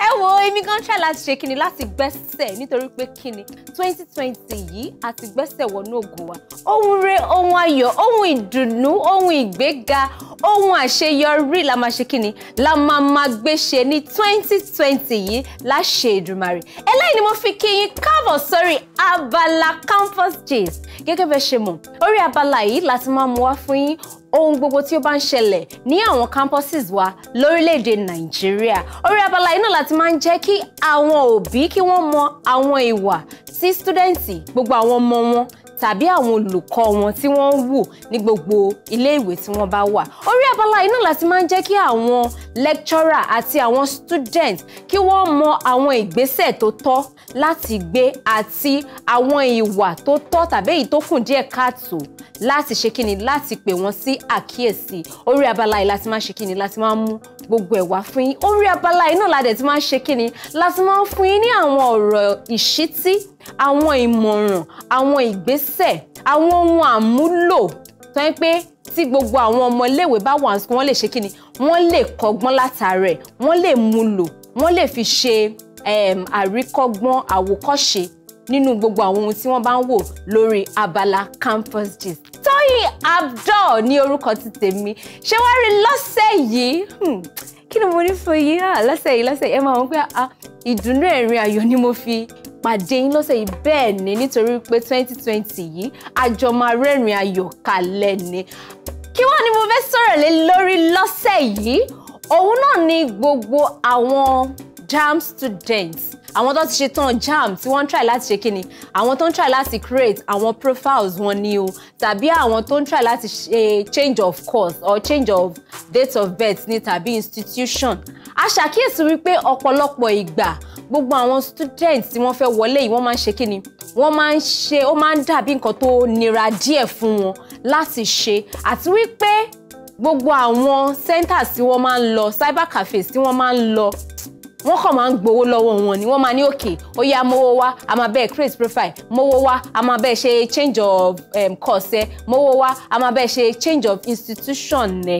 ẹ wo èmi gan ṣáà láti ṣe kíni láti gbẹ́sẹ̀ nítorí pé kíni twenty twenty yìí àti gbẹ́sẹ̀ wọnú ògo wa ohun re ohun ayọ̀ ohun ìdùnnú ohun ìgbéga ohun àṣeyọrí la máa ṣe kíni la máa máa gbé ṣe ní twenty twenty yìí láṣẹ Èdùmàrè eléyìí ni mo fi kí yín káàbọ̀ sórí abala campus gist gẹ́gẹ́ bẹ́ẹ̀ ṣe mọ̀ orí abala yìí láti máa mú wá fún yín ohun gbogbo tí ó bá ń ṣẹlẹ̀ ní àwọn campuses wa lórílẹ̀‐èdè nàìjíríà orí abala yìí náà láti máa ń jẹ́ kí àwọn òbí kí wọ́n mọ àwọn ìwà tí stúdẹ̀ǹtì gbogbo àwọn ọmọ wọn tàbí àwọn olùkọ́ wọn tí wọ́n ń wò ní gbogbo ilé ìwé tí wọ́n bá wà. orí abala iná láti máa ń jẹ́ kí àwọn lecturer àti àwọn student kí wọ́n mọ àwọn ìgbésẹ̀ tó tọ́ láti gbé àti àwọn ìwà tó tọ́ tàbí èyí tó kùn díẹ̀ káàtó láti ṣe kíni láti pè wọ́n sí àkíyèsí orí abala yìí láti máa ṣe kíni láti máa mú gbogbo ẹ̀ wá fún yín orí abala yìí náà la dẹ̀ ti máa ṣe kíni láti máa fún yín ní àwọn ọ̀rọ̀ ìṣítí àwọn ìmọ̀ràn àwọn ìgbésẹ̀ àwọn ohun àmúlò tó ń pé tí gbogbo àwọn ọmọléèwé bá wà ní wọ́n lè ṣe kí ni wọ́n lè kọ́gbọ́n látàrẹ̀ wọ́n lè mú lò wọ́n lè fi ṣe ehm, àríkọ́gbọ́n àwòkọ́ṣe nínú gbogbo àwọn ohun tí wọ́n bá ń wò lórí abala campus gist Tóyìn Abdul ní orúkọ ti tèmi ṣé wàá rí lọ́sẹ̀ yìí hmm, kí ni mo ní fún yìí ah, lọ́sẹ̀ yìí lọ́sẹ̀ yìí ẹ máa wọ́n pé ah, ìdùnnú ẹ̀rín ayọ̀ ni mo fi pàdé yín lọ́sẹ̀ yìí bẹ́ẹ̀ ni nítorí pé 2020 yìí àjọ máa rẹ́rìn ayọ̀ kalẹ̀ ni kí wá ni mo fẹ́ sọ̀rọ̀ lé lórí lọ́sẹ̀ yìí òun náà ni gbogbo àwọn jam students àwọn tó ti ṣe tán JAMB tí wọ́n ń try láti ṣe kíni àwọn tó ń try láti create àwọn profiles wọn ni o tàbí àwọn tó ń try láti ṣe change of course or change of date of birth ni tàbí institution a ṣàkíyèsí wípé ọ̀pọ̀lọpọ̀ ìgbà gbogbo àwọn students tí wọ́n fẹ́ wọlé yìí wọ́n máa ń ṣe kíni wọ́n máa ń ṣe ó máa ń dàbí nǹkan tó nira díẹ̀ fún wọn láti ṣe àti wípé gbogbo àwọn centers tí wọ́n máa ń lọ cyber cafes tí wọ́n máa ń lọ wọ́n kàn máa ń gbowó lọ́wọ́ wọn ni wọ́n máa ní òkè ó yá mówó wá a máa bẹ́ẹ̀ create profile mówó wá a máa bẹ́ẹ̀ ṣe change of um, course ẹ mówó wá a máa bẹ́ẹ̀ ṣe change of institution ẹ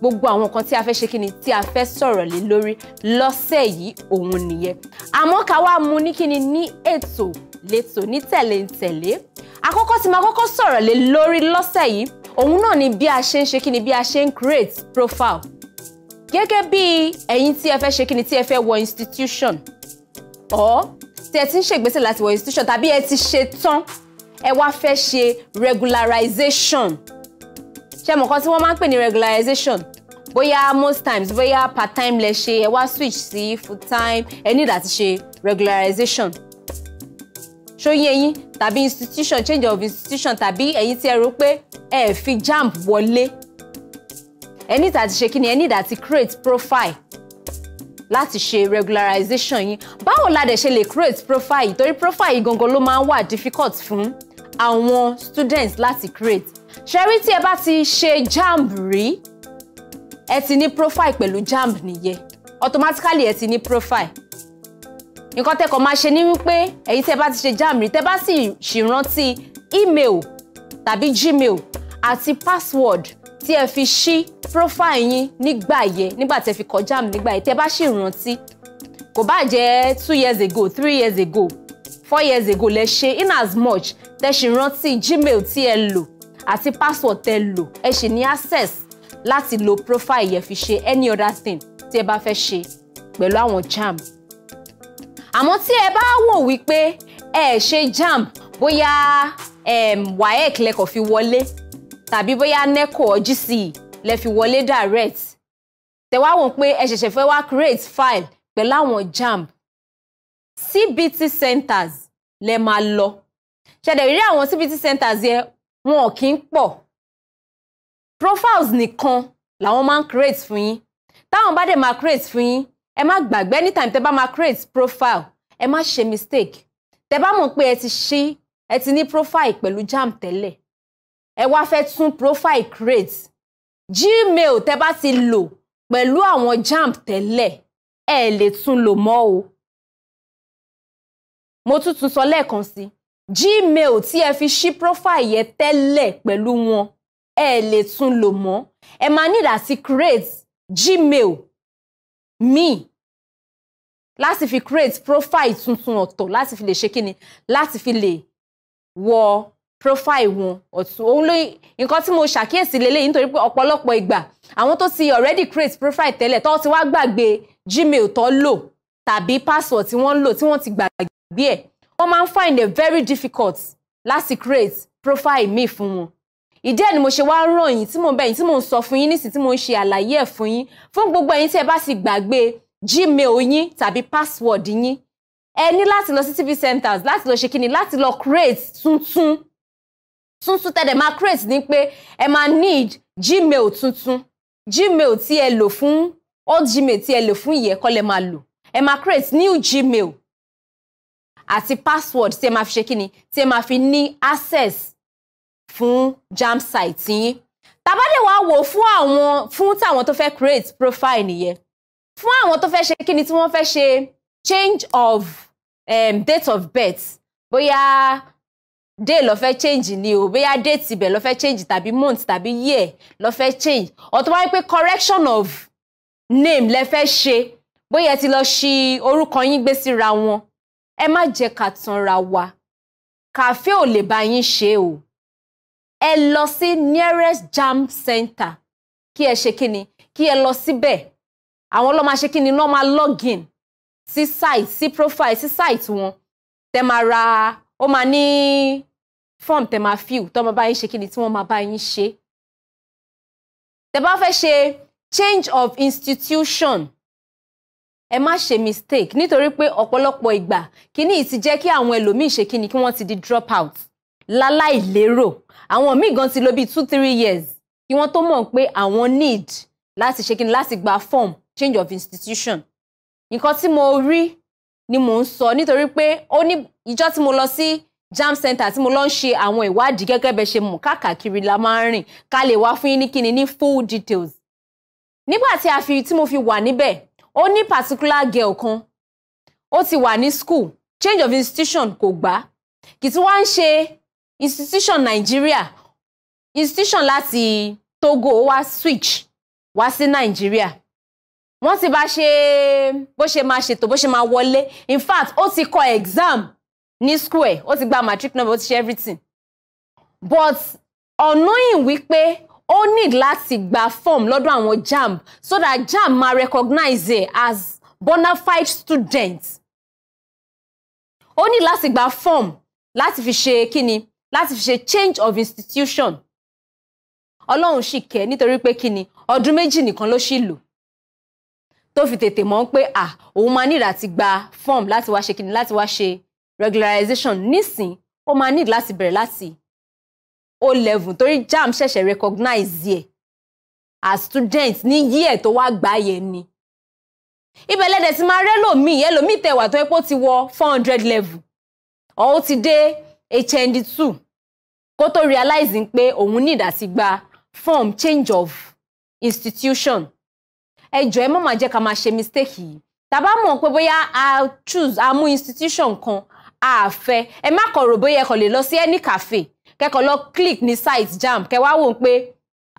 gbogbo àwọn nǹkan tí a fẹ́ ṣe kí ni tí a fẹ́ sọ̀rọ̀ lé lórí lọ́sẹ̀ yìí òun nìyẹn àmọ́ ká wá mú ní kí ni ní ètò létò ní tẹ̀lé ń tẹ̀lé àkọ́kọ́ tí máa kọ́kọ́ sọ̀rọ̀ lé lórí lọ́sẹ̀ yìí òun náà ni bí a ṣe ń ṣe kí ni bí a ṣe ń create profile gẹ́gẹ́ bí ẹ̀yin tí ẹ fẹ́ ṣe kí ni tí ẹ fẹ́ wọ institution ọ̀ tí ẹ ti ń ṣègbésẹ̀ láti wọ institution tàbí ẹ ti ṣe tán ẹ wá fẹ́ ṣe regularization ṣe mọ̀ kan tí wọ́n máa ń pè ní regularization bóyá most times bóyá part time lẹ ṣe ẹ wá switch sí full time ẹ need àti ṣe regularization ṣóyìn ẹ̀yin tàbí institution change of institution tàbí ẹ̀yin tí ẹ rò pé ẹ fi jamb wọlé ẹ ní ìdá ti ṣe kí ni ẹ ní ìdá ti create profile láti ṣe regularization yín báwo la dẹ̀ ṣe lè create profile yìí torí profile yìí gangan ló máa ń wà difficult fún àwọn students láti create ṣẹ́rí tí ẹ bá ti ṣe jamb rí ẹ ti ní profile pẹ̀lú jamb nìyẹn automatically ẹ ti ní profile nǹkan tẹ́kọ̀ máa ṣe ní wípé ẹ̀yin tẹ́ bá ti ṣe jamb rí tẹ́ bá sì ṣì rántí email tàbí gmail àti password tí ẹ fi ṣí profile yín nígbà yẹn nígbà tí ẹ fi kọjá mi nígbà yẹn tí ẹ bá ṣì rántí kò bá jẹ́ two years ago three years ago four years ago lẹ ṣe in as much tẹ ṣì rántí gmail tí ẹ lò àti password tẹ lò ẹ ṣì ní access láti lo profile yẹn fi ṣe any other thing tí ẹ bá fẹ́ ṣe pẹ̀lú àwọn JAMB àmọ́ tí ẹ bá wò wípé ẹ ṣe JAMB bóyá WAEC lẹ́kọ̀ọ́ fi wọlé tàbí bóyá neco or gce lẹ fi wọlé direct tẹ wá wò pé ẹ ṣẹ̀ṣẹ̀ fẹ́ wá create file pẹ̀lú àwọn jamb cbt centers lẹ máa lọ ṣẹ̀dẹ̀ rí àwọn cbt centers yẹn wọn ò kí ń pọ̀ profiles nìkan làwọn máa ń create fún yín táwọn bá dẹ̀ máa create fún yín ẹ má gbàgbé anytime tẹ bá máa create profile ẹ má ṣe mistake tẹ bá mọ̀ pé ẹ ti ṣí ẹ ti ní profile pẹ̀lú jamb tẹ́lẹ̀ ẹ wá fẹ́ tún profile create gmail tẹ́ bá ti lò pẹ̀lú àwọn jamb tẹ́lẹ̀ ẹ lè tún lò mọ́ o mo tún tún sọ lẹ́ẹ̀kan sí gmail tí ẹ fi ṣí profile yẹn tẹ́lẹ̀ pẹ̀lú wọn ẹ lè tún lò mọ́ ẹ máa ní láti create gmail míì láti fi create profile tuntun ọ̀tọ̀ láti fi lè ṣe kíni láti fi lè wọ profile wọn ọ̀tún òun ló nǹkan tí mo ṣàkíyèsí lélẹ́yìn nítorí pé ọ̀pọ̀lọpọ̀ ìgbà àwọn tó ti already create profile tẹ́lẹ̀ tó ti wá gbàgbé gmail tó lò tàbí password tí wọ́n lò tí wọ́n ti gbàgbé ẹ̀ wọ́n máa ń find it very difficult láti create profile míì fún wọn ìdí ẹ̀ ni mo ṣe wá ràn yín tí mo ń bẹ̀ yín tí mo ń sọ fún yín nísìnyí tí mo ń ṣe àlàyé ẹ̀ fún yín fún gbogbo ẹ̀yin tí ẹ bá sì gbàgbé gmail yín tàbí password yín ẹ ní láti lọ sí tv centers láti lọ ṣe kíni láti lọ create tuntun tuntun tẹ́lẹ̀ máa create ni pé ẹ máa need gmail tuntun gmail tí ẹ lò fún old gmail tí ẹ lò fún ìyẹn máa lò ẹ máa create new gmail àti password tí ẹ máa fi ṣe kíni tí ẹ máa fi ní access fún jam site yín tàbá lè wá wò fún àwọn fún tàwọn tó fẹ́ create profile nìyẹn fún àwọn tó fẹ́ ṣe kíni tí wọ́n fẹ́ ṣe change of um, date of birth bóyá day lọ fẹ́ change ni o bóyá date ibẹ̀ lọ fẹ́ change tàbí month tàbí year lọ fẹ́ change ọ̀tọ̀ wáyé correction of name lẹ fẹ́ ṣe bóyá ti lọ ṣi orúkọ yín gbé síra wọn ẹ má jẹ́ ká tanra wa kàfé ò lè bá yín ṣe o ẹ lọ sí nearest jam center kí ẹ ṣe kíni kí ẹ lọ síbẹ̀ àwọn ọlọ́ máa ṣe kíni náà máa login sí site sí profile sí site wọn tẹ máa ra ó máa ní form tẹ máa fill tọ́ máa bá yín ṣe kí ni tí wọ́n máa bá yín ṣe. tẹ bá fẹ́ ṣe change of institution ẹ má ṣe mistake nítorí pé ọ̀pọ̀lọpọ̀ ìgbà kíní yìí ti jẹ́ kí àwọn ẹlòmíì ṣe kíni kí wọ́n ti di drop out láláì lérò àwọn míì gan ti lò bíi two three years kí wọ́n tó mọ̀ pé àwọn need láti ṣe kíni láti gba form change of institution nǹkan tí mo rí ni mò ń sọ nítorí pé ó ní ìjọ́ tí mo lọ sí JAMB Center tí mo lọ ń ṣe àwọn ìwádìí gẹ́gẹ́ bẹ́ẹ̀ ṣe mọ̀ káàkiri la máa ń rìn ká lè wá fún yín ní kíni ní full details. nígbà tí a fi tí mo fi wà níbẹ̀ ó ní particular girl kan ó ti wà ní school change of institution kò gbà kì tí wọ́n ń ṣe institution Nigeria institution láti Togo ó wá switch wá sí Nigeria wọ́n ti bá ṣe bó ṣe máa ṣètò bó ṣe máa wọlé in fact ó ti kọ exam ní school ẹ̀ ó ti gba matric number ó ti ṣe everything but unknowing wípé ó need láti gba form lọ́dọ̀ àwọn jamb so that jamb ma recognize ẹ̀ as bona fide student ó ní láti gba form láti fi ṣe kíni láti fi ṣe change of institution ọlọ́run sì kẹ́ nítorí pé kíni ọdún méjì nìkan ló sì lò tó fi tètè mọ̀ pé à òun máa nílò àti gba form láti wá ṣe kíni láti wá ṣe regularization nísìn ó máa need láti bẹ̀rẹ̀ láti o level torí JAMB ṣẹ̀ṣẹ̀ recognize ye as student ni year to wá gbà yẹn ni ibẹ̀ lẹ́dẹ̀ ti máa rẹ́ lòmíì ẹlòmíì tẹ̀wà tó epo ti wọ four hundred level ọ̀ ó ti dé HND two kó tó realize pé òun need àti gba form change of institution ẹ jọ̀ọ́ ẹ má máa jẹ́ ká máa mistake yìí Taba mo pé bóyá a choose a mú institution kan àfẹ́ ẹ má kàn rò bóyá ẹ kàn lè lọ sí any cafe kẹ́kọ̀ọ́ lọ click ní site jam kẹ́ wá wò ó pé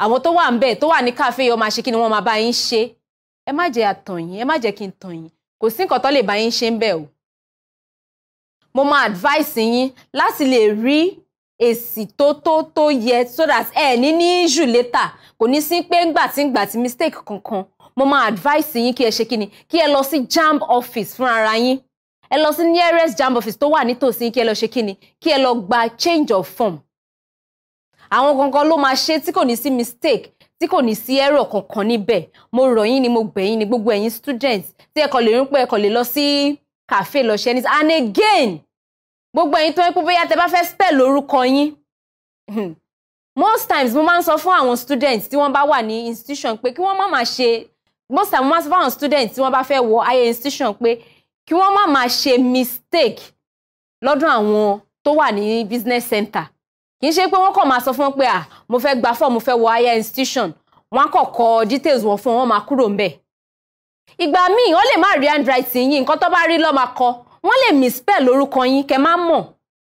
àwọn tó wà ń bẹ̀ tó wà ní cafe yóò máa ṣe kí ni wọ́n máa bá yín ṣe ẹ má jẹ́ àtàn yín ẹ má jẹ́ kí n tàn yín kò sí nǹkan tó lè bá yín ṣe ń bẹ̀ o mo máa advice yín láti lè rí èsì tó tó tó yẹ so that ẹ ní ní issue later kò ní sí pé ńgbà tí ńgbà tí mistake kankan mo máa advice yín kí ẹ ṣe kí ni kí ẹ lọ sí jamb office fúnra yín ẹ lọ sí nearest JAMB office tó wà nítòsí kí ẹ lọ ṣe kí kí ẹ lọ gba change of form àwọn kankan ló máa ṣe tí kò ní sí mistake tí kò ní sí error kankan níbẹ̀ mo rọ̀ yín ni mo gbẹ̀ ni gbogbo ẹ̀yin students tí ẹ kò lè rí pé ẹ kò lè lọ sí cafe lọ ṣe anything and again gbogbo ẹ̀yin tó ń pè bóyá tẹ bá fẹ́ spell orúkọ yín hmm, most times mo máa ń sọ fún àwọn students tí wọ́n bá wà ní institution pé kí wọ́n má máa ṣe most times mo máa ń sọ fún àwọn students tí wọ́n bá fẹ́ wọ ayé institution pé kí wọ́n má máa ṣe mistake lọ́dún àwọn tó wà ní business center kì í ṣe pé wọ́n kàn máa sọ fún wọn pé à mo fẹ́ gba fọ́ọ̀mù fẹ́ wọ higher institution wọ́n á kàn kọ details wọn fún wọn máa kúrò ń bẹ̀. ìgbà míì wọ́n lè má rí handwriting yín nǹkan tó bá rí ló máa kọ wọ́n lè misspell lórúkọ yín kẹ́ má mọ̀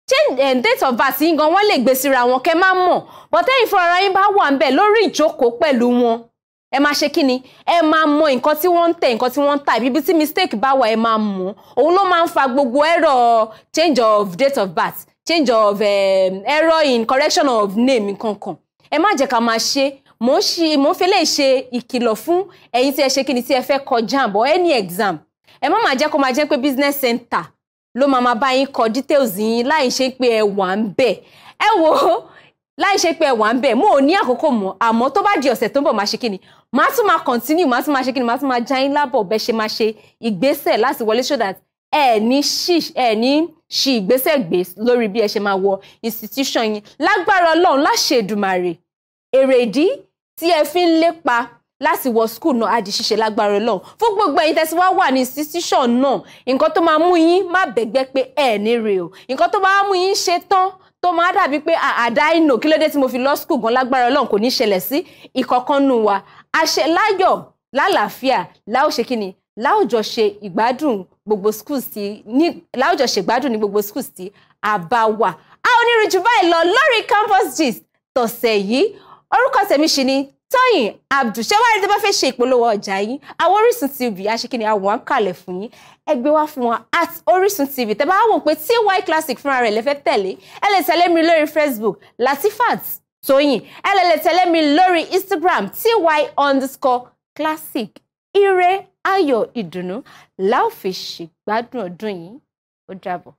change and eh, date of birth yín gan wọ́n lè gbé síra wọn kẹ́ má mọ̀ bọ́tẹ́yìn fúnra yín bá wà ń lórí ìjókòó pẹ̀lú wọn ẹ máa ṣe kíni ẹ máa mọ nǹkan tí wọ́n ń tẹ̀ nǹkan tí wọ́n ń tà ibi tí mistake bá wà ẹ máa mọ̀ òun ló máa ń fa gbogbo error change of date of birth change of um, error in correction of name nǹkankan ẹ má jẹ́ ká máa ṣe mò ń ṣe mò ń fẹ́lẹ́ ṣe ìkìlọ̀ fún ẹ̀yin tí ẹ ṣe kíni tí ẹ fẹ́ kọ JAMB any exam ẹ má máa jẹ́ kó máa jẹ́ pé business center ló máa máa bá yín kọ details yín láì ṣe pé ẹ wà ń bẹ̀ ẹ wò ó láì ṣe pé ẹwà ń bẹ mo ò ní àkókò mọ́ àmọ́ tó bá di ọ̀sẹ̀ tó ń bọ̀ máa ṣe kíni máa tún máa continue máa tún máa ṣe kíni máa tún máa já yín lábọ̀ bẹ ṣe máa ṣe ìgbésẹ̀ láti wọlé so that ẹ ní ṣì ẹ ní ṣì ìgbésẹ̀ gbé lórí bí ẹ ṣe máa wọ institution yín lágbára Ọlọ́run láṣẹ Èdùmàrè èrè ìdí tí ẹ fi ń lépa láti wọ skul náà á di ṣíṣe lágbára Ọlọ́run fún gbogbo ẹ̀yin tẹsí wá wà ní institution náà nǹkan tó máa mú yín má bẹ̀gbẹ́ pé ẹ ní rè o nǹkan tó máa mú yín ṣe tán tó máa dàbí pé àdá ah, ah, ìnà kí ló dé tí mo fi lọ skul gan lágbára Ọlọ́run kò ní ṣẹlẹ̀ sí ìkọ̀kànnù wa àṣẹ láyọ̀ lálàáfíà láò ṣe kí ni láwùjọ ṣe ìgbádùn gbogbo schools tí ní láwùjọ ṣe ìgbádùn ní gbogbo schools tí a a ò ní rí jù báyìí lọ lórí campus gist tọ̀sẹ̀ yìí orúkọ tèmi ṣì ni Tóyìn Abdul ṣé wàá rí tí bá fẹ́ ṣe ìpolówó ọjà yín àwọn Orísun TV aṣèkínní àwọn àǹkàlẹ̀ fún yín ẹgbẹ́ wá fún wọn at Orísun TV tẹ́ bá pé TY Classic fúnra rẹ̀ lẹ́fẹ́ tẹ̀lé ẹ lè tẹ̀lé mi lórí Facebook Latifat Tóyìn ẹ lè lè tẹ̀lé mi lórí Instagram TY underscore classic ire ayọ̀ ìdùnnú la ó fi ṣègbádùn ọdún yìí ó dàbọ̀.